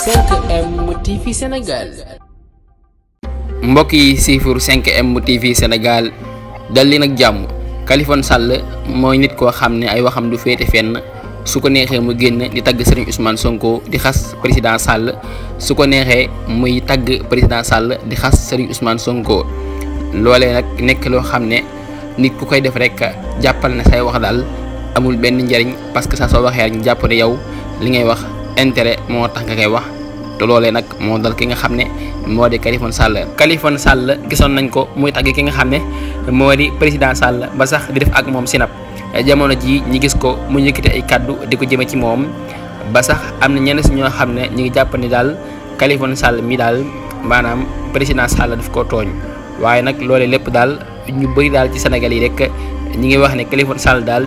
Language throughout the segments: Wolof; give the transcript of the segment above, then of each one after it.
5M TV mbokk yi siifur 5M TV Sénégal dal nag jàmm Kalifone sàll mooy nit koo xam ne ay waxam du féete fenn su ko neexee mu génn di tagg Serigne Ousmane Sonko di xas président sàll su ko neexee muy tagg président sàll di xas Serigne usmaan Sonko loole nag nekk loo xam ne nit ku koy def rek jàppal na say wax daal amul benn njariñ parce que saa soo waxee rek ñu jàpp ne yow. li ngay wax intérêt moo tax nga koy wax te loolee nag moo dal ki nga xam ne moo di Khalifa Sall Khalifa Sall gisoon nañ ko muy tagg ki nga xam ne moo di président Sall ba sax di def ak moom sinap jamono jii ñu gis ko mu yëkkati ay kàddu di ko jëme ci moom ba sax am na ñenn si ñoo xam ne ñu ngi jàpp ni daal Khalifa Sall mii daal maanaam président Sall daf koo tooñ waaye nag loole lépp daal ñu bëri daal ci Sénégal yi rek ñu ngi wax ne Khalifa Sall daal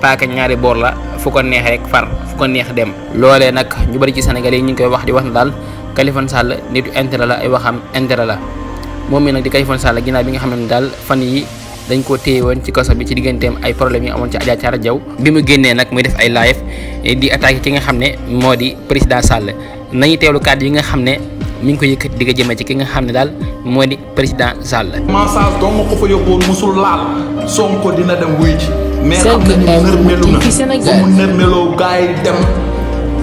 paaka ñaari boor la fu ko neex rek far fu ko neex dem loolee nag ñu bari ci Sénégal yi ñu ngi koy wax di wax ne daal Kaliphone Sall nitu intérêt la ay waxam intérêt la moom mi nag di Kaliphone Sall ginnaaw bi nga xam ne daal fan yi dañ ko téye woon ci kaso bi ci digganteem ay problème yi amoon ci Adja Thiara Diaw bi mu génnee nag muy def ay live eh, di attaqué ki nga xam ne moo di président Sall nañu teewlu kàddu yi nga xam ne mi ngi ko yëkkati di ko jëmee ci ki nga xam ne daal moo di président Sall. message doo ma ko fa yóbbuwoon musul laal Sonko dina dem wuy ji. mais xam nañu nërmelu na ba mu nërmeloo gars yi dem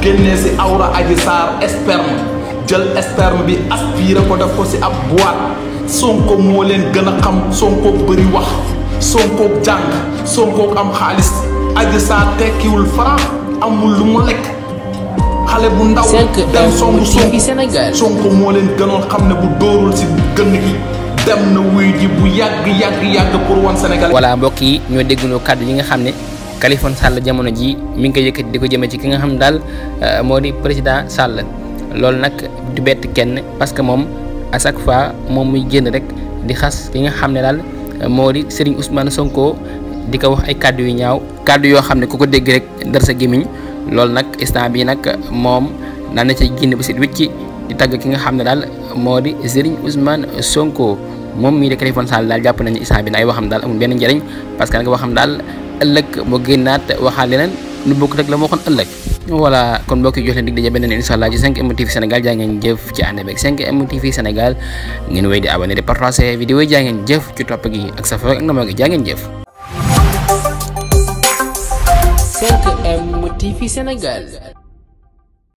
génnee si awra aji saar jël sperme bi aspiré ko def ko si ab boîte Sonko moo leen gën a xam Sonko bëri wax Sonko jàng Sonko am xaalis aji saar tekkiwul fara amul lu mu lekk. xale mbokk yi ñoo déggandoo kàddu yi nga xam ne Khaliphone Sall jamono ji mi ngi koy yëkkati di ko jëmee ci ki nga xam daal euh, moo di président Sall loolu nag du bett kenn parce que moom à chaque fois moom muy génn rek di xas ki nga xam ne daal euh, moo di Serigne Ousmane Sonko di ko wax ay kàddu yu ñaaw kàddu yoo xam ne ku ko dégg rek dara sa gémmiñ loolu nag instant bi nag moom daan na ci génn ba sit wicci di tagg ki nga xam ne daal moo di Serigne Ousmane Sonko moom mii di Khalifa Sall daal jàpp nañu instant bi nag waxam daal amul benn njëriñ parce que nag waxam daal ëllëg moo génnaat waxaat leneen lu bokk rek la moo waxoon ëllëg voilà kon mbokk yi jox leen dig daje beneen incha allah ci Sénégal jaa jëf ci ànd beeg 5 Sénégal ngeen wéy di abonné di partager vidéo yi jëf ci topp gi ak fii Sénégal